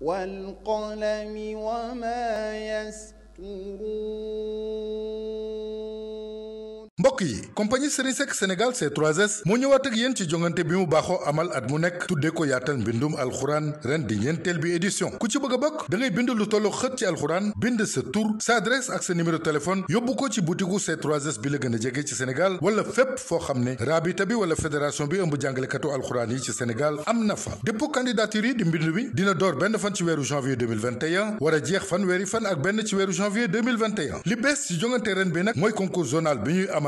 والقلم وما يسطرون mbokk yi compagnie Serigne Seck Sénégal C3S moo ñëwaat ak yéen ci jongante bi mu baaxoo amal at mu nekk tuddee ko yaatal mbindum alxuraan ren di ñeenteel bi édition ku ci bëgg a bokk da bind lu tollu xët ci alxuraan bind sa tur sa adresse ak sa numéro téléphone yóbbu ko ci butiku C3S bi la gën a jege ci Sénégal wala fépp foo xam ne raabita bi wala fédération bi ëmb jàngalekatu alxuraan yi ci Sénégal am na fa dépôt candidature yi di mbind bi dina door benn ci weeru janvier 2021 war a jeex fan weeri fan ak benn ci weeru janvier 2021 li bees bi nag mooy concours zonal bi ñuy amal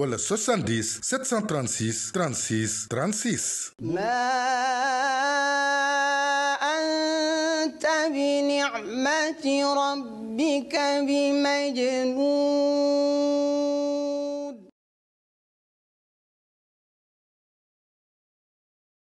wala 70 736 36 36. bi ni'mati rabbika bi majnun